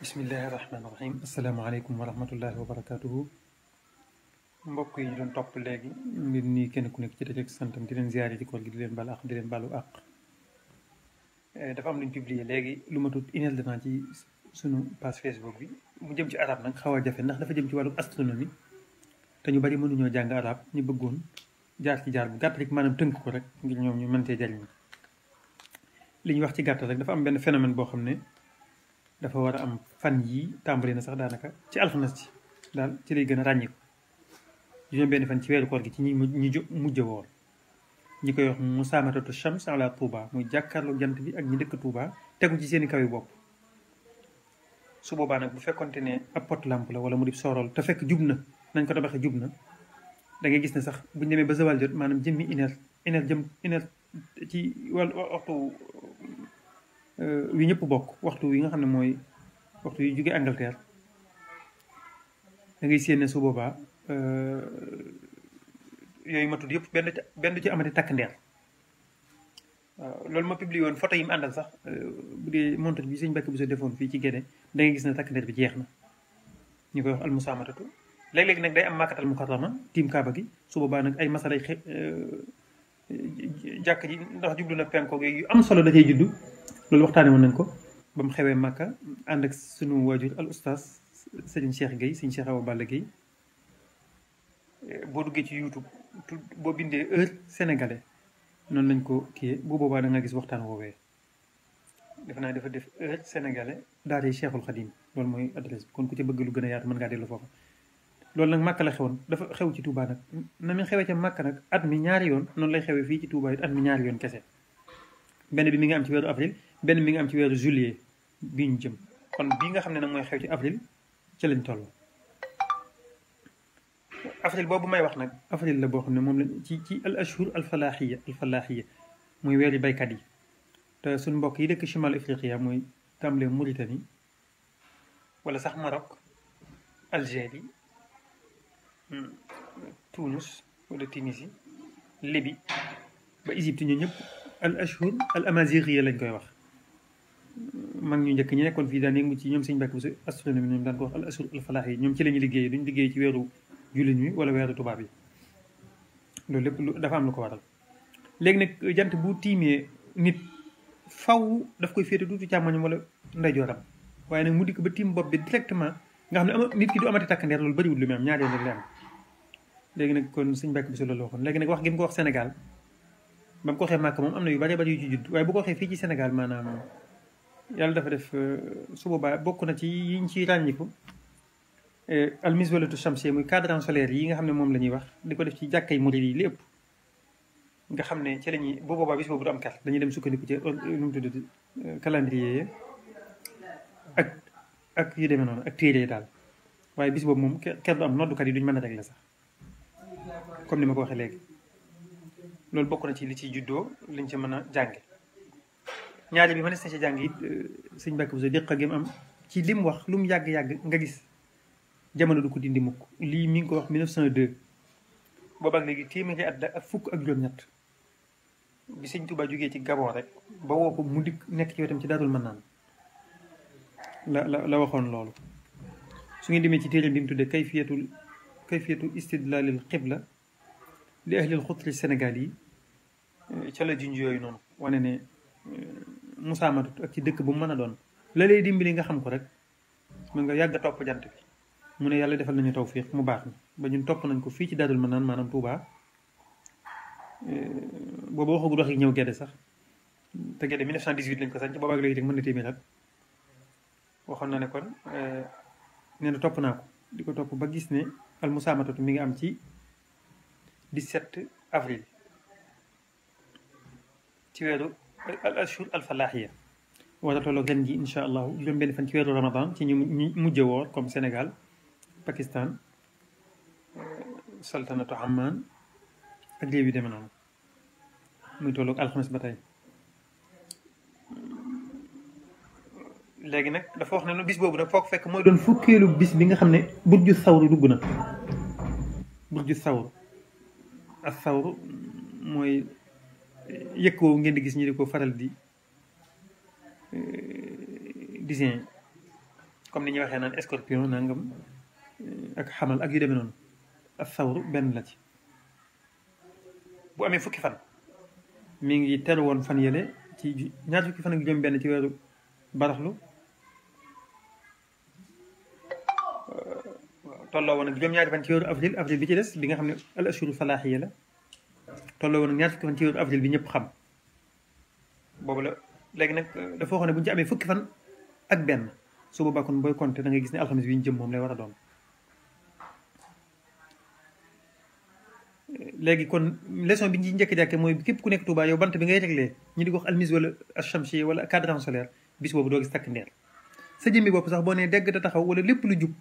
bismillahi rahmaani rahim asalaamaaleykum wa rahmatullahi wa barakaatuhu mbokk yi ñu doon topp léegi mbir nii kenn ku nekk ci dajeeg santam di leen ziare ci koor gi di leen bal ak di leen balu ak eh, dafa am lu ñu publier léegi lu ma tudd inel danaa ci suñu page Facebook bi mu jëm ci arab nag xaw a jafe ndax dafa jëm ci wàllu astronomie te ñu bari mënuñoo jàng arab ñu bëggoon jaar ci jaar bu gàtt rek maanaam tënk ko rek ngir ñoom ñu mën cee jariñ li ñuy wax ci gàttal rek dafa benn phénomène boo xam ne dafa war a am fan yii tàmbali na sax daanaka ci alxames ci daal ci lay gën a ràññiku juróom benn fan ci weeru koor gi ci ñi ñu mujj woon ñi koy wax musaamatatu shams ala Touba muy jàkkaarloo jant bi ak ñi dëkk Touba tegu ci seen i kaw yi bopp su boobaa nag bu fekkonte ne ab pot lamp la wala mu di soorool te fekk jub na nañ ko tabaxee jub na dangay gis ne sax buñ demee ba zawal jot maanaam jëmmi une heure une jëm une ci wàllu waxtu yu euh, ñëpp bokk waxtu wi nga xam ne mooy waxtu yu jóge Angleterre da ngay séen su boobaa euh, yooyu ma tudd yëpp benn benn ci amati takk ndeer waaw loolu ma publié woon photo yi mu àndal sax euh, bu dee montage bi sëñ Mbàkke bu sa defoon fii ci Guédé da gis ne takk ndeer bi jeex na ñu koy wax almusaamatatu léeg-léeg nag day am màkkatal mukarrama tiim kaaba gi su boobaa nag ay masalay jàkk ji ndax jublu na penko gi am solo da cay juddu loolu waxtaanee woon nañ ko ba mu xewee Màkka ànd ak sunu waajur al oustaz sëñ Cheikh Guèye sëñ Cheikh Awa Balla boo duggee ci YouTube boo bindee heure sénégalais noonu nañ ko kii bu boobaa da nga gis waxtaan woowee defe naa dafa def heure sénégalais daa di Cheikhul Khadim loolu mooy adresse bi kon ku ci bëgg lu gën a yaatu mën ngaa dellu foofu loolu nag Màkka la xewoon dafa xew ci Touba nag na mi xewee ca Màkka nag at mi ñaari yoon noonu lay xewee fii ci Touba it at mi ñaari yoon kese benn bi mi ngi am ci weeru avril benn mi ngi am ci weeru juillet bii ñu jëm kon bii nga xam ne nag mooy xew ci avril ci lañ toll. avril boobu may wax nag avril la boo xam ne moom la ci ci al ashhur al falaaxiya al falaaxiya muy weeri baykat yi te suñ mbokk yi dëkk chimal afriqiya muy tàmbalee Mauritanie wala sax Maroc Algérie Tuunus wala Tunisie Libi ba Égypte ñu ñëpp al ashhur al amazighiya lañ koy wax mag ñu njëkk ñu nekkoon fii daan yëngu ci ñoom sëñ Mbàkke Buso astronomie ñoom daan ko wax al ashhur al falaax yi ñoom ci la ñuy liggéeyee duñ liggéey ci weeru jullit ñi wala weeru tubaab yi loolu lépp lu dafa am lu ko waral léegi nag jant bu tiimee nit faw daf koy féete tuuti càmmoñam wala ndeyjooram waaye nag mu dikk ba tiim bopp bi directement nga xam ne nit ki du amati takkandeer loolu bariwul lu mu am ñaareel léegi nag kon suñ bàkk bi si loolu waxoon léegi nag wax gi mu ko wax Sénégal ba mu ko waxee màkk moom am na yu bari bari yu ci judd waaye bu ko waxee fii ci Sénégal maanaam yàlla dafa def euh, su boobaa bokk na ci yiñ ciy ràññiku euh, almiswalatu chamsiya muy cadran solaire yi nga xam ne moom la ñuy wax di ko def ci jàkkay murid yi lépp nga xam ne ci la ñuy bu boobaa bis boobu du am dañuy dem sukkandiku ci euh, nu mu tudd calendrier ak ak yu demee noonu ak téere daal waaye bis boobu moom kenn du am noddukat yi duñ mën a régler sax comme ni ma ko waxee léegi loolu bokk na ci li ci juddoo lañ ci mën a jànge ñaari bi ma des na ci jàng it euh, sëñ Mbàkke Buso déq gi mu am ci lim wax lu mu yàgg-yàgg nga gis jamono du ko dindi mukk lii mi ngi ko wax 1902 boobaak léegi téeméeri at ak fukk ak juróom-ñett bi sëñ Tuubaa jógee ci Gabon rek ba mu dikk nekk ci wetam ci Daarul Manaan la la la waxoon loolu su ngeen demee ci téere bi mu tuddee kayfiyatul kayfiyatul istidlalil qibla li ahli alxutri sénégal yi ca la junj yooyu noonu wane ne musaamatut ak ci dëkk bu mën a doon la lay dimbali nga xam ko rek mën nga yàgg topp jant bi mu ne yàlla defal nañu tawfiq mu baax mi ba ñun topp nañ ko fii ci daadul manaan maanaam Touba booba waxagul waxi ñëw gedde sax te gedde 1918 lañ ko sànc boobaag na ne kon ko ba gis ne al musaamatut mi ngi am ci 17 avril ci weeru al ashur al falaaxiya war a tolloog ren ji incha allahu juróom benn fan ci weeru ramadan ci ñu mujj woor comme Sénégal Pakistan saltanatu Amman ak réew yu demee noonu muy tolloog alxames ba tey léegi nag dafa wax ne lu bis boobu nag foo fekk mooy doon fukkeelu bis bi nga xam burju sawru dugg burju sawru ak fawr mooy eh, yëkk woowu ngeen di gis ñu di ko faral di eh, disin comme ni ñuy waxee naan escorpion nangam eh, ak xamal ak yu demee noonu ak fawr benn la ci bu amee fukki fan mii ngi teru woon fan yële ci ñaar fukki fan ak juróom benn ci weeru baraxlu tolloo woon ak juróom-ñaari fan ci avril bi ci des bi nga xam ne al ashuru salaahiya la tolloo woon ak ñaar fukki fan ci avril bi ñëpp xam boobu la léegi nag euh, dafa waxoon bu ñu fukki fan ak benn su boobaa kon booy compter da gis ne alxames bi ñu jëm war a doon. léegi kon leçon bi ñu njëkk jàkke mooy képp ku nekk Touba yow bant bi ngay régler ñu di ko wax almise wala achamchi wala cadran solaire bis boobu doo gis takk ndeer sa jëmmi bopp sax boo nee dégg te taxaw wala lépp lu jub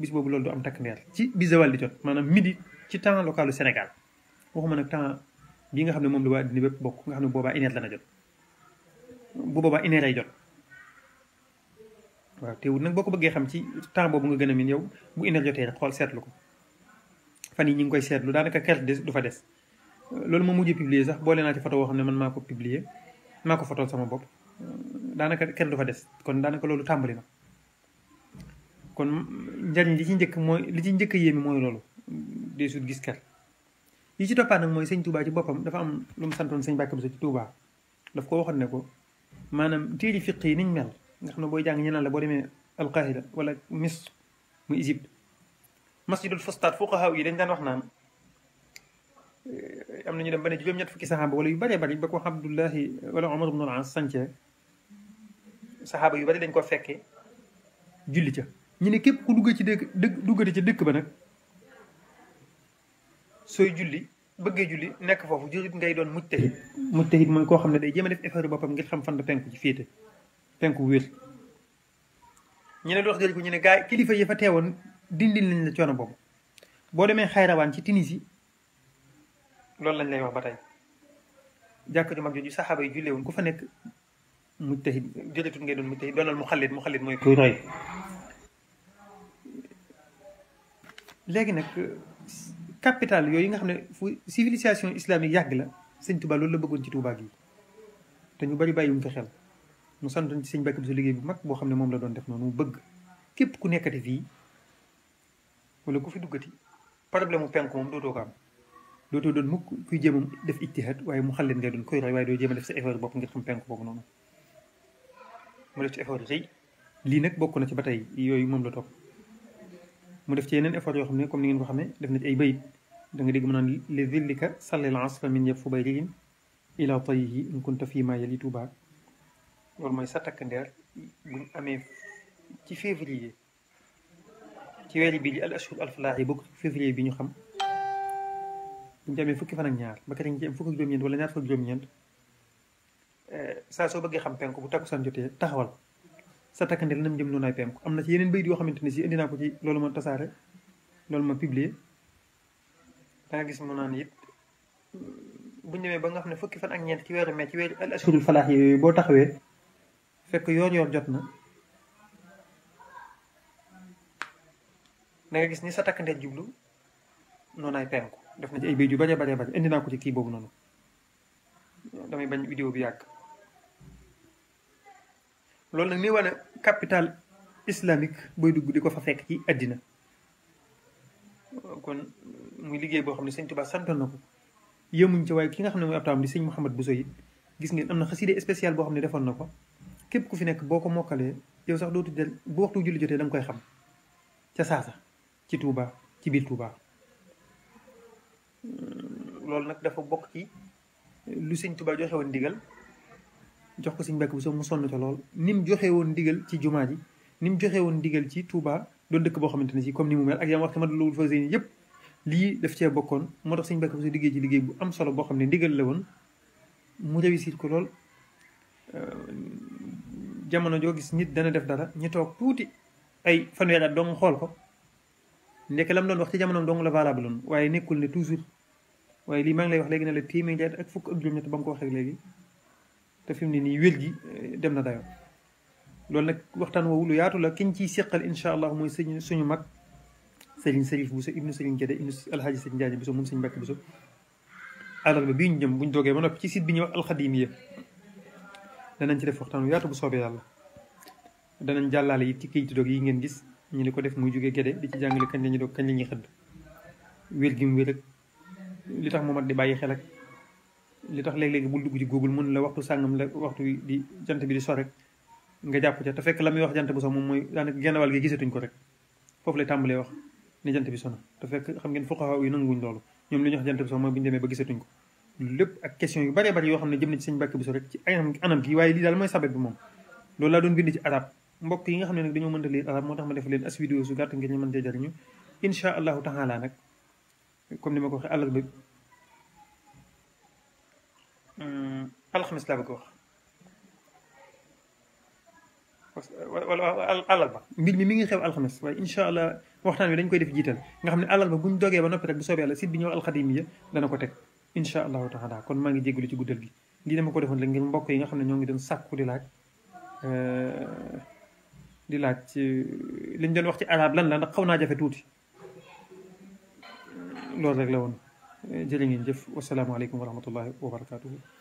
bis boobu loolu du am takk ndeer ci bi zawal di jot maanaam midi ci temps localu Sénégal waxuma nag temps bii nga xam ne moom la waa dina bépp bokk nga xam ne boobaa une heure dana jot bu booba une heure jot waaw teewul nag boo ko bëggee xam ci temps boobu nga gën a min yow bu une jotee rek xool seetlu ko fan yi ñu ngi koy seetlu daanaka kert des du fa des loolu moom mujjee publier sax boo naa ci photo boo xam ne man maa ko publier maa ko photo sama bopp daanaka kert du fa des kon daanaka loolu tàmbali na kon njariñ li ci njëkk mooy li ci njëkk yéemi mooy loolu de gis kat li ci toppaat nag mooy sëñ Touba ci boppam dafa am lu mu santoon sëñ Bakam sa ci Touba daf ko waxoon ne ko maanaam téeri fiq yi niñ mel nga xam ne booy jàng ñeneen la boo demee alqahira wala Misr mu Égypte masjidul fustat fuqahaa yi dañ daan wax naa eh, am nañu dem ba ne juróom-ñett fukki saxaaba wala yu bëree bëri ba ko Abdullahi wala Omar ibn al-As sance saxaaba yu bëri dañ ko fekke julli ñu ne képp ku dugg ci dëkk dëkk duggati ci dëkk ba nag sooy julli bëggee julli nekk foofu jullit ngay doon mujtahid mujtahid mooy koo xam ne day jéem a def effort boppam ngir xam fan da penku ci féete penku wér ñu ne dox jël ko ñu ne gaa kilifa yi fa teewoon dindil lañ la coono boobu boo demee xayrawaan ci Tunisie loolu lañ lay wax ba tey jàkk ju mag jooju saxaaba yi julle woon ku fa nekk mujtahid jullitul ngay doon mujtahid doonal mu xalit mu xalit mooy kuy roy léegi nag capital yooyu nga xam ne fu civilisation islamique yàgg la sëñ Touba loolu la bëggoon ci Touba yi te ñu bari bàyyiwuñ ko xel mu santoon ci sëñ Bakk su liggéey bu mag boo xam ne moom la doon def noonu mu bëgg képp ku nekkati fii wala ku fi duggati problème mu penk moom dootoo ko am dootoo doon mukk kuy jéem a def ijtihaad waaye mu xàlleen leen doon koy roy waaye doo jéem a def sa effort bopp ngir xam penk boobu noonu mu def ci effort lii nag bokk na ci ba tey yooyu moom la topp mu def ci yeneen effort yoo xam ne comme ni ngeen ko xamee def na ci ay bayit da nga dégg mu naan li zillika sallil asfa min yëf fu bayriin ila tayihi in kunta fii maa yali tuuba loolu mooy sa takkandeer buñ amee ci février ci weeri bii di al ashhur al falaahi bokk février bi ñu xam buñ ci fukki fan ñaar ba katiñ ci am fukk ak juróom-ñeent ñaar fukk ak juróom-ñeent eh, saa soo bëggee xam penk bu takk sa jotee taxawal sa takkandel nam jëm noonu ay am na ci yeneen bayit yoo xamante ne si indi naa ko ci loolu ma tasaare loolu ma publier da gis bu ñëwee ba nga xam ne fukki fan ak ñeent ci weeru mai ci weeru boo taxawee fekk yoor yoor jot na gis ni sa takkandel jublu noonu ay penku def na ci ay bayit yu bañ a bañ a bañ indi naa ko ci kii boobu noonu damay bañ vidéo bi yàgg loolu nag ni wane capital islamique booy dugg di ko fa fekk ci àddina kon muy liggéey boo xam ne sëñ Tuubaa santoon na ko yëmuñ ci waaye ki nga xam ne mooy ab taawam di sëñ Mouhamed Bousso gis ngeen am na xaside spécial boo xam ne defoon na ko képp ku fi nekk boo ko mokkalee yow sax dootu del bu waxtu julli jotee da koy xam ca saasa ci Touba ci biir Touba. loolu nag dafa bokk ci lu sëñ Tuubaa joxe woon ndigal jox ko sëñ Mbàkke Buso mu sonn ca lool ni mu joxe woon ndigal ci jumaa ji ni mu joxe woon ndigal ci Touba doon dëkk boo xamante ne si comme ni mu mel ak yam wax ma lowul fa seen yëpp lii tax sëñ Mbàkke Buso liggéey ci bu am solo boo xam ne ndigal la woon mu réussir ko lool euh, jamono joo gis nit dana def dara ñu toog tuuti ay fanweeri at dong xool ko ndekk lam doon wax ci jamonoom dong la valable woon waaye nekkul ne toujours waaye lii maa ngi lay wax léegi ne la téeméeri at ak fukk ak juróom-ñett ba mu ko waxee léegi te fi ni nii wér gi eh, dem na dayoo loolu nag waxtaan woowu lu yaatu la kiñ ciy seqal incha allah mooy sëñ suñu mag sëriñ Sërif Bousso ibnu sëriñ Gédé ibnu alxaaji sëriñ Njaañ Bousso moom sëñ Mbàkke Bousso àllarba bii ñu jëm buñ dogee ba noppi ci site bi ñuy wax alxadimiya danañ ci def waxtaan wu yaatu bu soobee yàlla danañ jàllaale it ci këyitu yi ngeen gis ñu li ko def muy jógee Gédé di ci jàngale kañ la ñuy dog kañ la ñuy xëdd wér gi mu wér li tax mu mat di bàyyi xel li tax léeg-léegi bul dugg ci google mun la waxtu sàngam la waxtu di jant bi di so rek nga jàpp ca te fekk la muy wax jant bu sax moom mooy daanaka genn wàll gi gisatuñ ko rek foofu lay tàmbalee wax ni jant bi sona te fekk xam ngeen fuqaha yi nanguwuñ loolu ñoom li ñu wax jant ba gisatuñ ko lépp ak question yu bëree bëri yoo xam ne jëm na ci sëñ Mbàkke Buso rek ci anam gi waaye lii daal mooy sabab bi moom loolu laa doon bind ci arab mbokk yi nga xam ne nag dañoo mënta lire arab moo tax ma def leen as vidéo gàtt ngeen ñu mën jariñu incha allahu taala nag comme ni ma ko waxee àllarba الخمس لعبة كورة wala alal ba mbir mi mi ngi xew alxames waaye incha allah waxtaan wi dañ koy def jiital nga xam ne alal ba buñ dogee ba noppi rek bu soobee yàlla site bi ñëw alxadimiya dana ko teg incha allahu taala kon maa ngi jégalu ci guddal gi lii dama ko defoon rek ngir mbokk yi nga xam ne ñoo ngi doon sàkku di laaj di laaj ci liñ doon wax ci arab lan la ndax xaw naa jafe tuuti loolu rek la woon jërë ngeen jëf wasalaamualeykum wa rahmatullahi wa barakatuhu